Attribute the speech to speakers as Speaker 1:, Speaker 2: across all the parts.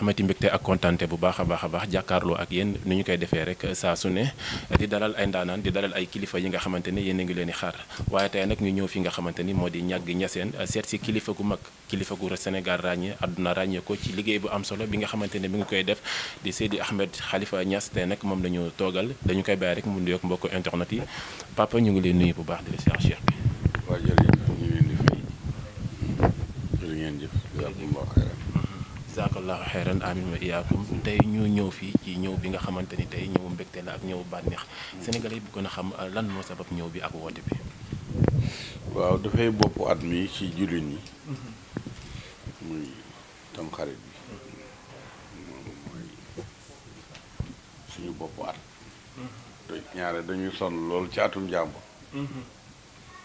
Speaker 1: amati mbégte ak kontante bu baax a baax baax jàkkaarloo ak yéen ni ñu koy defee rek saa su ne di dalal ay ndaanaan di dalal ay kilifa yi nga xamante ni yéen a ngi leen di xaar waaye tey nag ñu ñëw fi nga xamante ni moo di ñàgg ñaseen seet si kilifa gu mag kilifa gu Sénégal ràññee àdduna ràññee ko ci liggéey bu am solo bi nga xamante ne mi ngi koy def di Seydi Ahmed Khalifa Niass tey nag moom la ñu toogal dañu koy bàyyi rek mu nuyoog mbokk internet yi papa ñu ngi leen nuyu bu baax di la siyaar jazakallahu xeyran amin wa iyaakum tey ñu ñëw fii ci ñëw bi nga xamante ni tey ñëw mbégte la ak ñëw bànneex sénégalais yi bëggoon a xam euh, lan moo sabab ñëw bi ak woote bi waaw dafay bopp at mi ci jullit ñi mm-hmm. muy
Speaker 2: tamxarit bi mm-hmm. dañuy sonn loolu ci atum jàmbur mm-hmm.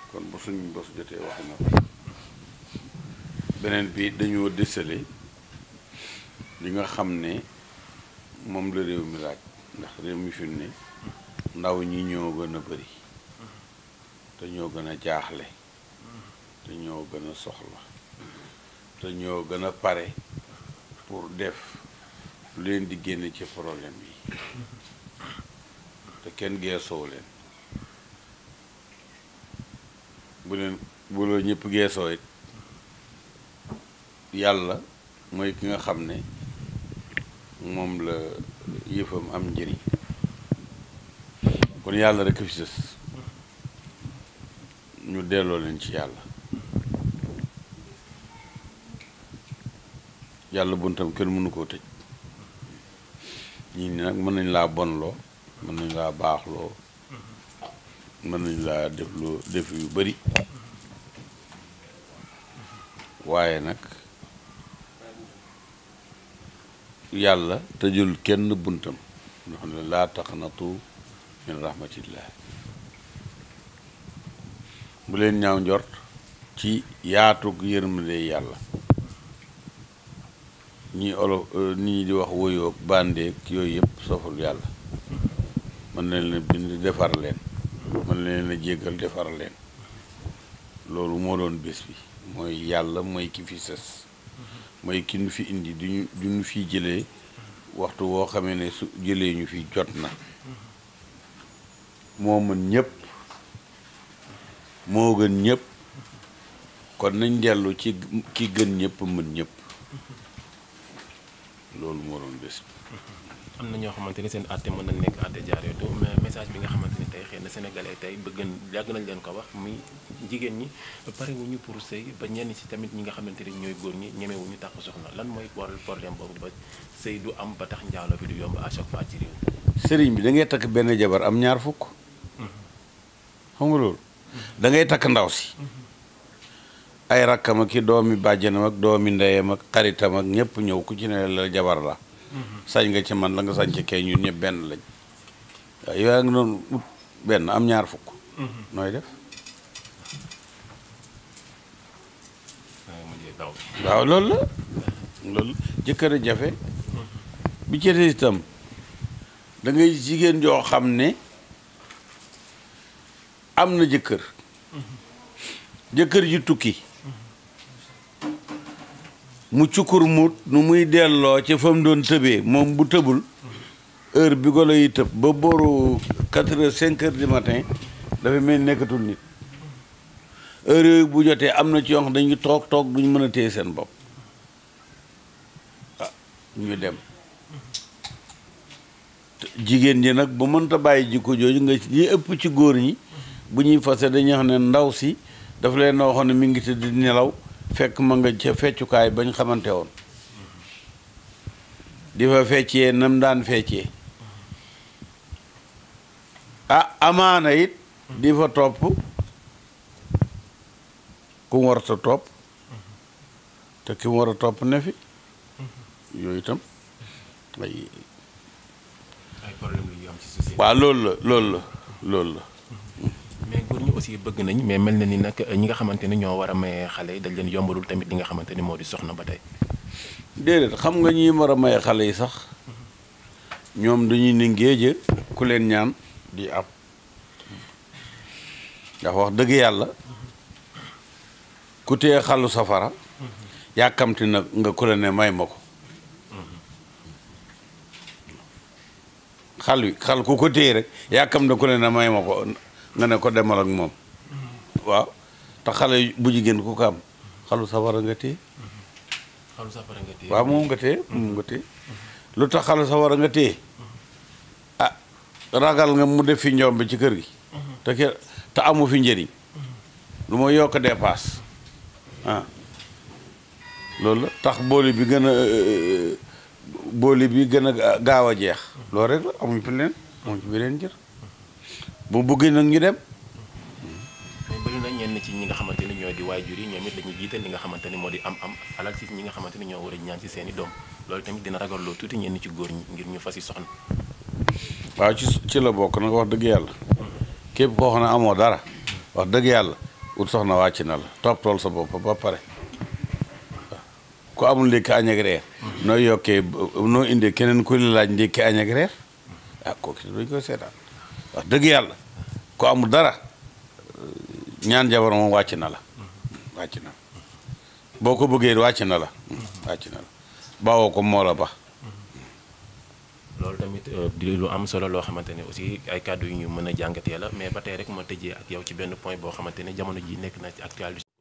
Speaker 2: kon bu suñu bos jotee waxi na beneen bi dañoo désale li nga xam ne moom la réew mi laaj ndax réew mi fi ne ndaw ñi ñoo gën a bëri te ñoo gën a jaaxle te ñoo gën a soxla te ñoo gën a pare pour def lu leen di génne ci problème yi te kenn geesoo leen bu leen bu la ñëpp geesoo it yàlla mooy ki nga xam ne moom la yëfam am njëriñ kon yàlla rek a ñu delloo leen ci yàlla yàlla buntam kenn mënu koo tëj ñii ni nag mën nañ laa bonloo mën nañ laa baaxloo mën nañ laa def loo def yu bari waaye nag yàlla tëjul kenn buntam ñoo xam ne laa taqnatu min rahmatillah bu leen ñaaw njort ci yaatug yërmande yàlla ñi olof nit ñi di wax woyoog bandeeg yooyu yëpp soful yàlla mën na leen bind defar leen mën leen a jéggal defar leen loolu moo doon bés bi mooy yàlla mooy ki fi mooy ki nu fi indi di ñu fi jëlee waxtu woo xamee ne su jëlee ñu fi jot na moo mën ñëpp moo gën ñëpp kon nañ dellu ci ki gën ñëpp mën ñëpp loolu moo doon bés
Speaker 1: am na ñoo xamante ni seen àtte mën na nekk àtte jaar yow mais message bi nga xamante ni na sénégalais tey bëgg yàgg nañ leen ko wax muy jigéen ñi pare pour sëy ba ñenn si tamit ñi nga xamante ni ñooy góor ñi ñeme wuñu tàq soxna lan mooy waral problème boobu ba du am ba tax njaalo bi du yomb à chaque
Speaker 2: bi da ngay takk benn jabar am ñaar fukk mm-hmm. xam nga loolu mm-hmm. da takk ndaw si
Speaker 3: mm-hmm.
Speaker 2: ay rakkam ak i doomi bàjjanam ak doomi ndeyam ak xaritam ak ñëpp ñëw ku ci ne la jabar la sañ nga ci man la nga sañ ci kay ñun ñëpp benn lañ waaye yow yaa ngi doon ut benn am ñaar fukk. Mm-hmm. nooy def. waaw loolu loolu jëkkër a jafe. Mm-hmm. bi ci des itam da jigéen joo xam ne am na jëkkër.
Speaker 3: Mm-hmm.
Speaker 2: jëkkër ji tukki. mu cukkur mut nu muy delloo ca fa mu doon tëbee moom bu tëbul heure bi golo yi tëb ba booru quatre heures cinq heures du matin dafa mel nekkatul nit heure yooyu bu jotee am na ci yoo xam dañuy toog toog duñ mën a téye seen bopp ah dem jigéen ñi nag bu mënta bàyyi jikko jooju nga ñi ëpp ci góor ñi bu ñuy fase dañuy xam ne ndaw si dafa leen waxoon ne mi ngi tëdd nelaw fekk ma nga ca feccukaay bañ xamante woon di fa feccee nam daan feccee ah amaana it di fa topp ku mu warta topp te ki war a topp ne fi
Speaker 1: yooyu itam ay waaw la loolu la loolu la aussi bëgg nañ mais mel na ni nag ñi nga xamante ñoo war a maye xale dañ leen yombalul tamit li nga xamante ni moo di soxna ba tey.
Speaker 2: déedéet xam nga ñi war a maye xale yi sax ñoom dañuy ne ngéeje ku leen ñaan di ab ndax wax dëgg yàlla ku tee xalu safara yàkkamti na nga ku la may ma ko xal wi xal ku ko téye rek yàkkam na ku la may ma ko nga ne ko demal ak moom waaw te xale bu jigéen ku ko am xalu safara nga téye
Speaker 1: xalu safara nga téye waaw moom
Speaker 2: nga téye moom nga téye lu tax xalu safara nga téye ah ragal nga mu def fi ñoom bi ci kër gi te ke te amu fi njëriñ lu ma yokk dépasse ah loolu tax booli bi gën a euh, euh, booli bi gën a gaaw a jeex loo rek la amuñ fi leen amuñ fi beneen jër bu bëggee nag ñu dem.
Speaker 1: bëri na ñenn ci ñi nga xamante ni ñoo di waajur yi ñoom it dañuy jiital li nga xamante ni moo di am am alal ci ñi nga xamante ni ñoo war a ñaan ci seen i doom loolu tamit dina ragal loo tuuti ñenn ci góor ñi ngir ñu fas yi soxna.
Speaker 2: waaw ci la bokk nag wax dëgg yàlla. képp koo xam ne amoo dara. wax dëgg yàlla ut soxna wàcc na la topp tool sa bopp ba pare. ku amul ndékki añ reer noo yokkee noo indee keneen ku li laaj ndékki añ ak reer ah wax dëgg yàlla ku amul dara ñaan jabar moom wàcc na la wàcc na boo ko bëggee wàcc na la wàcc na la
Speaker 1: bawoo ko moo la ba loolu tamit euh, di lu am solo loo xamante ne aussi ay kàddu yu ñu mën a jàngatee la mais ba tey rek ma tëjee ak yow ci benn point boo xamante ne jamono ji nekk na ci actualité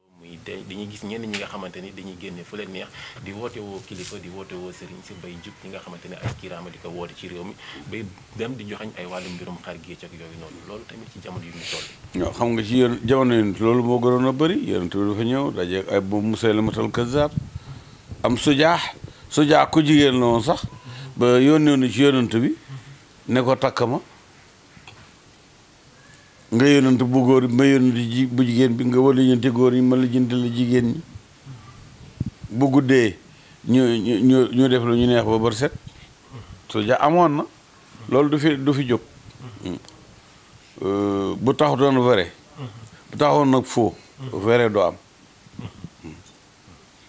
Speaker 1: te dañuy gis ñenn ñi nga xamante ni dañuy génne fu leen neex di woote woo kilifa di woote woo sëriñ si bay jub ñi nga xamante ne ay kiiraama di ko woote ci réew mi bay dem di joxañ ay wàllu mbirum xar géej ak yooyu noonu loolu tamit ci jamono yu ñu toll
Speaker 2: waaw xam nga ci yéen jamono yonent loolu moo gënoon a bëri yonent bi dafa ñëw daje ay boobu Musaylamatul Kazzaab am sujaax sujaax ku jigéen la woon sax ba yoon na ci yonent bi ne ko takk ma nga yónnante bu góor yi ma yónnante ji bu jigéen bi nga war lijjanti góor ñi ma lijjanti la jigéen ñi bu guddee ñu ñu ñu def lu ñu neex ba bër set su ja amoon na loolu du fi du fi jóg mm. euh, bu taxutoon vrai bu taxoon nag faux vrai du am mm.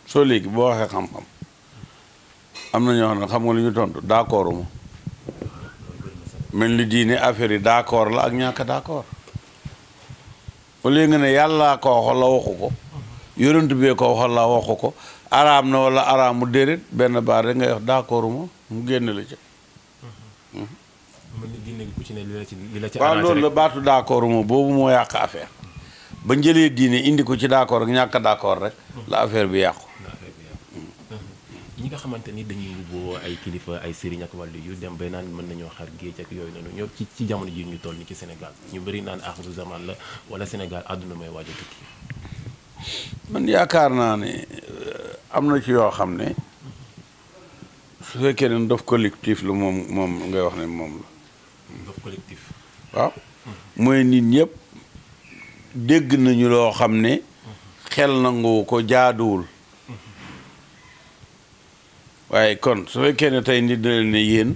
Speaker 2: soo léegi boo waxee xam-xam am na ñoo xam ne nga lu ñu tontu d'accord ma mel ni diine affaire yi d'accord la ak ñàkk d'accord au lieu nga ne yàlla ko waxoon la waxu ko yonent bee ko waxoon la waxu ko araam na wala araamu déedéet benn baar rek ngay wax d'accord ma mu génn la ca. baax loolu la baatu d'accord ma boobu moo yàq affaire ba njëlee diine indi ko ci d'accord ak ñàkk d'accord rek la affaire bi yàqu
Speaker 1: ñi nga xamante ni dañuy wuboo ay kilifa ay sëriñ ak wàllu yu dem ba naan mën nañoo xar géej ak yooyu noonu ñoom ci ci jamono ji ñu toll ni ci Sénégal ñu bëri naan axiru zaman la wala Sénégal àdduna may a tukki
Speaker 2: man yaakaar naa ne euh, am na ci yoo xam ne su fekkee ne ndof collectif lu moom moom wax ne moom la ndof waaw mm-hmm. mooy nit ñëpp dégg nañu loo xam ne mm-hmm. xel nangu ko jaaduwul waaye kon su fekkee ne tey nit daleen ne yéen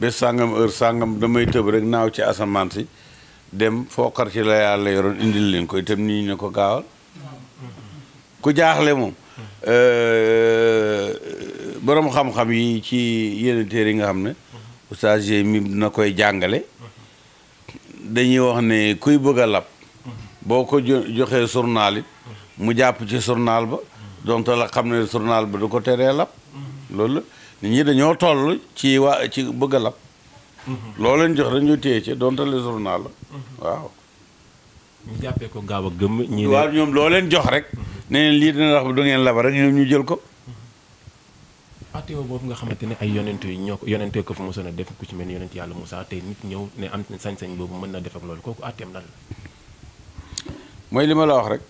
Speaker 2: bés sàngam heure sàngam damay tëb rek naaw ci asamaan si dem fookar ci la yàlla yoroon indil leen koy itam nii ñu ko gaawal ku jaaxle moom euh, borom xam-xam yi ci yenn téere yi nga xam ne oustaz mi dina koy jàngale dañuy wax ne kuy bëgg a ko joxee journal it jàpp ci journal ba donte la xam ne journal ba du teree lab loolu nit ñi dañoo toll ci waa ci bëgg lab mhm. loo leen jox dañoo téye ci donte le journal la mhm. waaw ñu jàppee ko gaaw a gëmm ñi waaw ñoom loo leen jox rek mhm. ne leen lii dina wax bu du ngeen laba rek ñu jël ko
Speaker 1: atewo boobu nga xamante ne ay yonent yi ñoo ko yonente ko fi mosoon a def ku ci mel ni yonent yàlla Moussa tey nit ñëw ne am sañ-sañ boobu mën na def ak loolu kooku ateem lan la
Speaker 2: mooy li ma wax rek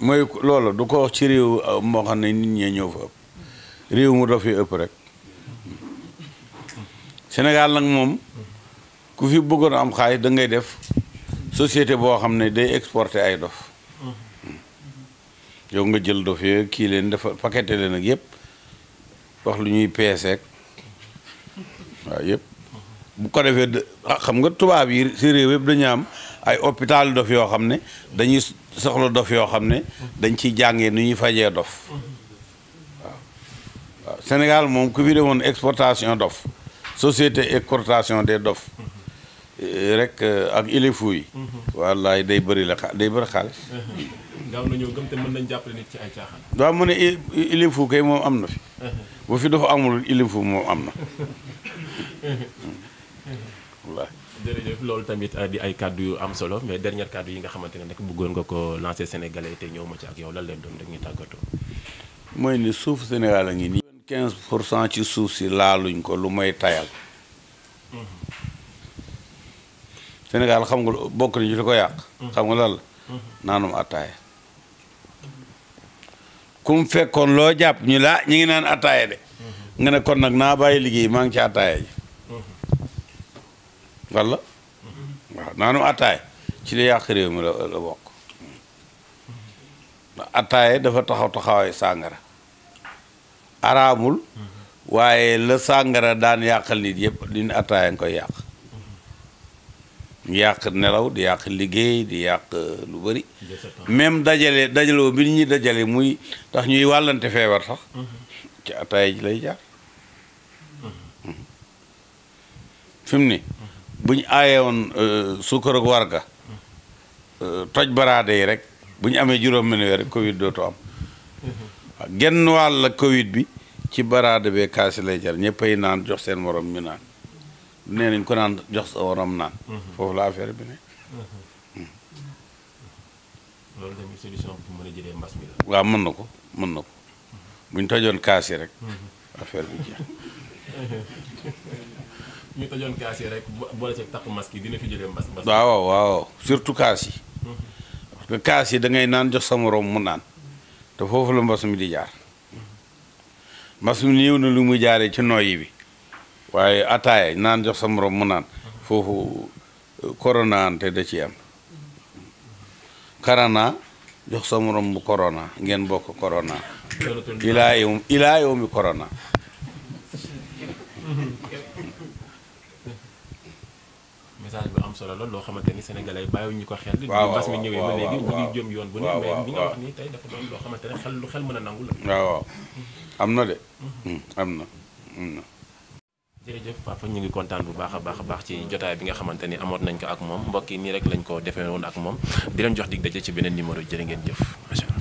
Speaker 2: mooy loolu du ko ci réew euh, moo xam ne nit ñee ñëw fa réew mu dof yi ëpp rek Sénégal nag moom ku fi bëggoon am xaalis dangay def société boo xam ne day exporté ay dof yow nga jël dof yooyu kii leen dafa paqueté leen ak yëpp wax lu ñuy peeseek waaw yëpp bu ko defee ah, xam nga tubaab yi si réew yëpp dañu am ay hôpital dof yoo xam ne dañuy soxla dof yoo xam ne dañ ciy jàngee nu ñuy fajee dof Sénégal moom ku fi de woon exportation dof société exportation des dof eh, rek eh, ak ilifu yi. wallaay day bëri la xa day bëri
Speaker 1: na ñëw gëm te mën nañ jàppale nit ci ay caaxaan. waaw mu ne
Speaker 2: ilifu kay moom am na fi. bu fi dafa amul ilifu moom am na.
Speaker 1: wallaay. jërëjëf loolu tamit eh, di ay kàddu yu am solo mais dernière kàddu yi nga xamante ne nag bëggoon nga ko lancer sénégalais te ñëw ma ci ak yow lal leen doon rek ñu tàggatoo.
Speaker 2: mooy ni suuf Sénégal a ngi nii. pour cent ci suuf si laaluñ ko lu may tayal Sénégal xam nga bokk nañu li ko yàq xam nga lan naanum attaaya kum fekkoon loo jàpp ñu laa ñu ngi naan attaaya de nga ne nag naa bàyyi liggéey maa ngi ci attaaya ji walla naanum attaaya ci li yàq réew mi la la bokk attaaya dafa taxaw taxawaay sàngara araamul waaye la sàngara daan yàqal nit yëpp li ñu nga koy yàq yàq nelaw di yàq liggéey di yàq uh, lu bari même dajale dajaloo bi ñuy dajale muy tax ñuy wàllante feebar sax ci attaaya ji lay jaar fi ni bu ñu aayewoon uh, suukar ak warga uh, toj baraade yi rek bu ñu amee juróom-benn weer rek Covid dootu am genn wàll la Covid bi ci baraada bee kaasi lay jar ñëppay naan jox seen morom ñu naan nee nañ ko naan jox sa morom mhm. affaire mhm.
Speaker 1: loolu tamit solution bu mi mën
Speaker 2: na ko mën na ko mhm. bu ñu tojoon kaas yi rek. affaire bi jeex.
Speaker 1: ñu kaas
Speaker 2: yi rek naan jox sa morom mu naan. te foofu la mbas mi di jaar mbas mi néew na lu muy jaaree ci noyyi bi waaye ataaya naan jox sa morom mu naan foofu euh, corona ante da ci am karana jox sa morom bu corona ngeen bokk corona ilaa yow ilaa yow
Speaker 1: message bu am solo la loo xamante ni sénégalais bàyyiwuñu ko xel. waaw waaw waaw waaw mbas mi ñëwee ba léegi mu ngi jëm yoon bu ne. waaw mais nga wax nii tey dafa doon loo xamante ne xel lu xel mën a nangu la. waaw am na de. Mhm. Hmm, am na hmm, am na. jërëjëf papa ñu ngi kontaan bu baax a baax a baax ci jotaay bi nga xamante ni amoon nañ ko ak moom mbokk yi nii rek lañ ko defee woon ak moom di jox dig daje ci beneen numéro jërë ngeen jëf